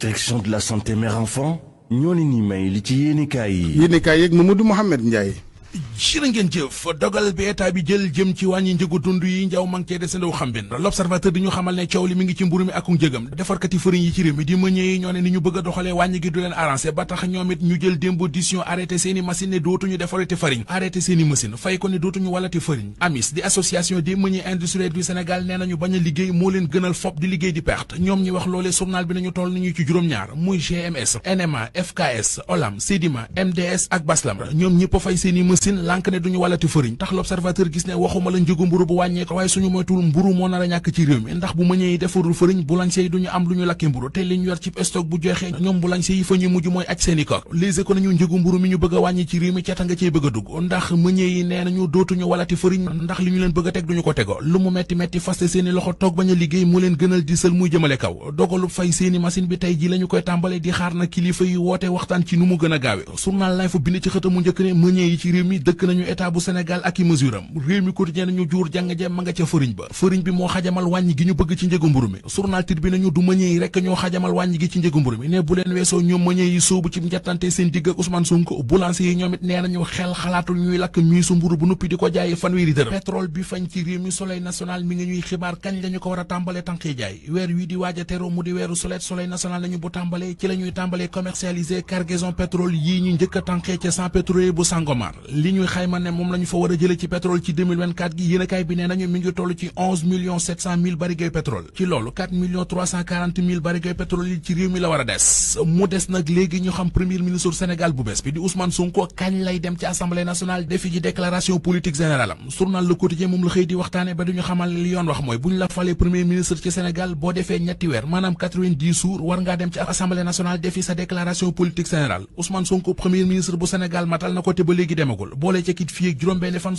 direction de la santé mère enfant ñoni ni may li ci yéenekaay yi. yéenekaay Mamadou Mouhamed Ndiaye. jërë ngeen jëf dogal bi état bi jël jëm ci wàññi njëgu dund yi njaw mang cee l'observateur di ñu xamal ne coow li mi ngi ci mburu mi ak njëgam defarkati fëriñ yi ci réew di mëñe yi ñoo ne ni ñu bëgg a wàññi gi du leen arrangé ba tax ñoom it ñu jël démb décision arrêté seeni machine ne dootuñu defarati fariñ arrêté seeni machine fay ko ne dootuñu walati fëriñ amis di association des meuniers industriels du Sénégal nee nañu bañ a liggéey moo leen Sine lànk ne duñu walati fëriñ tax l'observateur gis ne waxuma la njëgu mburu bu wàññee ko waaye suñu moytul mburu moo nar a ñàkk ci réew mi ndax bu mëñee yi defarul fëriñ boulanger yi duñu am ñu lakke mburu te li ñu yor ci a wàññi ci réew a ñu leen bëgg a teg duñu ko tego lu mu metti metti faste seeni loxo toog bañ a liggéey mu leen gënal di muy jëmale kaw dogalu fay seeni machine bi tey ji lañu koy tàmbale di xaar na kilifa yi woote waxtaan ci nu mu gën a gaawe journal L'Info bind ci xëtam njëkk ne mëñee yi ci réew mi dëkk nañu état bu Sénégal ak i mesure am réew mi quotidien ñu juur jàng ja ma nga ca fëriñ ba fëriñ bi moo xajamal wàññi gi ñu bëgg ci njëgu mburu mi journal tit bi nañu du mëñee yi rekk ñoo xajamal wàññi gi ci njëgu mburu mi ne bu leen weesoo ñoom mëñee yi sóobu ci njattante seen digg ak Ousmane Sonko yi ñoom it nee nañu xel xalaatul ñuy lakk mii su bu nuppi di ko jaaye fanweeri dërëm pétrole bi fañ ci réew mi soleil national mi ngi ñuy ko war a tàmbalee tànqi jaay weer wi di waaj a teroo mu di weeru soleil soleil national lañu bu tàmbalee ci lañuy tàmbalee commercialiser cargaison pétrole yi ñu njëkk a tànqee ca sans pétrolier bu Sangomar li ñuy xayma ne moom la ñu fa war a jële ci pétrole ci 2024 gi yéenekaay bi nee nañu mi ngi toll ci 11 millions 700 mille barigay pétrole ci loolu 4 millions 340 mille barigay pétrole yi ci réew mi la war a des mu des nag léegi ñu xam premier ministre Sénégal bu bees bi di Ousmane Sonko kañ lay dem ci assemblée nationale defi ji déclaration politique générale am journal Le Quotidien moom la xëy di waxtaane ba duñu xamal li yoon wax mooy bu ñu la falee premier ministre ci Sénégal na ko te ba léegi lool boole ca kit fii yi juróom-benn fan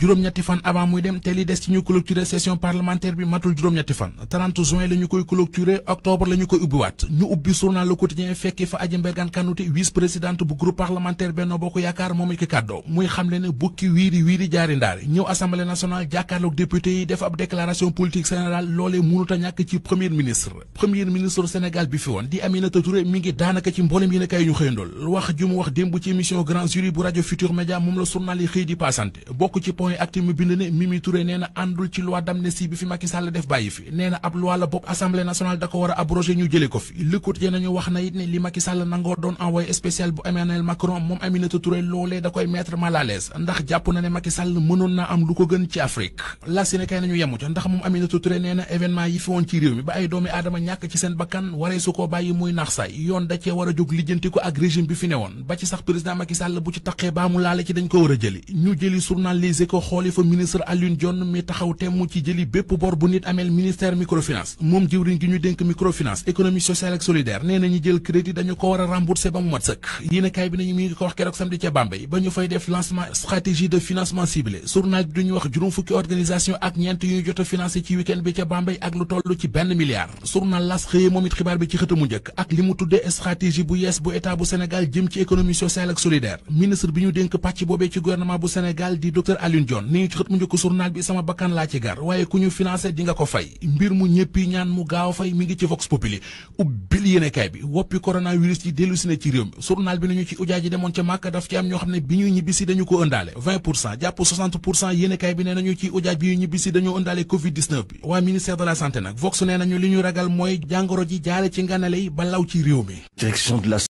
juróom-ñetti fan avant muy dem te li des ci ñu clôturer session parlementaire juróom-ñetti fan juin la koy clôturer octobre la ñu koy ubbiwaat ñu ubbi journal le quotidien fekk Kiffa Ajenbergane Kanouté vice présidente bu groupe parlementaire Benno Bokk Yaakaar moom ki kàddoo muy xamle ne bukki wiiri wiiri jaari ndaari ñëw assemblée nationale jàkkaarloog député yi def ab déclaration politique générale loolee mënut ñàkk ci premier ministre premier ministre Sénégal bi fi woon di Aminata Touré mi ngi daanaka ci mboolem yéen a kay ñu xëyandool wax ju wax démb ci émission grand jury bu rajo Futur Média moom la journal xëy di paasante da Macky nangoo doon envoyé spécial bu Emmanuel Macron moom Aminata Touré loolee da koy mettre mal ndax jàpp na ne Macky mënoon naa am lu ko gën ci Afrique la si nañu yemu ca ndax moom Aminata Touré nee na yi fi woon ci réew mi ba ay doomi aadama ñàkk ci seen bakkan waree su bàyyi muy nax yoon da cee war a jóg lijjanti ak régime bi fi ne woon ba ci sax président Macky bu ci taqee baa mu laale ci dañ ko war a jëli ñu dañu ko war a rembourser ba mu mat sëkk yéen a kaay bi nañu mi ngi ko wax keroog samedi ca Bambey ba ñu fay def lancement stratégie de financement ciblé journal duñu wax juróom fukki organisation ak ñeent yu ñu jot a financé ci week-end bi ca Bambey ak lu toll ci benn milliard journal las xëyee moom it xibaar bi ci xëtamu njëkk ak li mu tuddee stratégie bu yees bu état bu Sénégal jëm ci économie sociale ak solidaire ministre bi ñu dénk pàcc boobee ci coronavirus yi dellu si ci réew mi journal bi nañu ci ujaa ji demoon ca màkk daf ci am ñoo xam ne bi ñuy ñibbisi dañu ko ëndaale jàpp 60 bi nee nañu ci ujaaj bi ñuy ñibbisi dañoo ëndaale covid 19 bi waa ministère de la santé nag vox nee nañu li ñu ragal mooy jàngoro ji jaare ci nganale yi ba law ci réew mi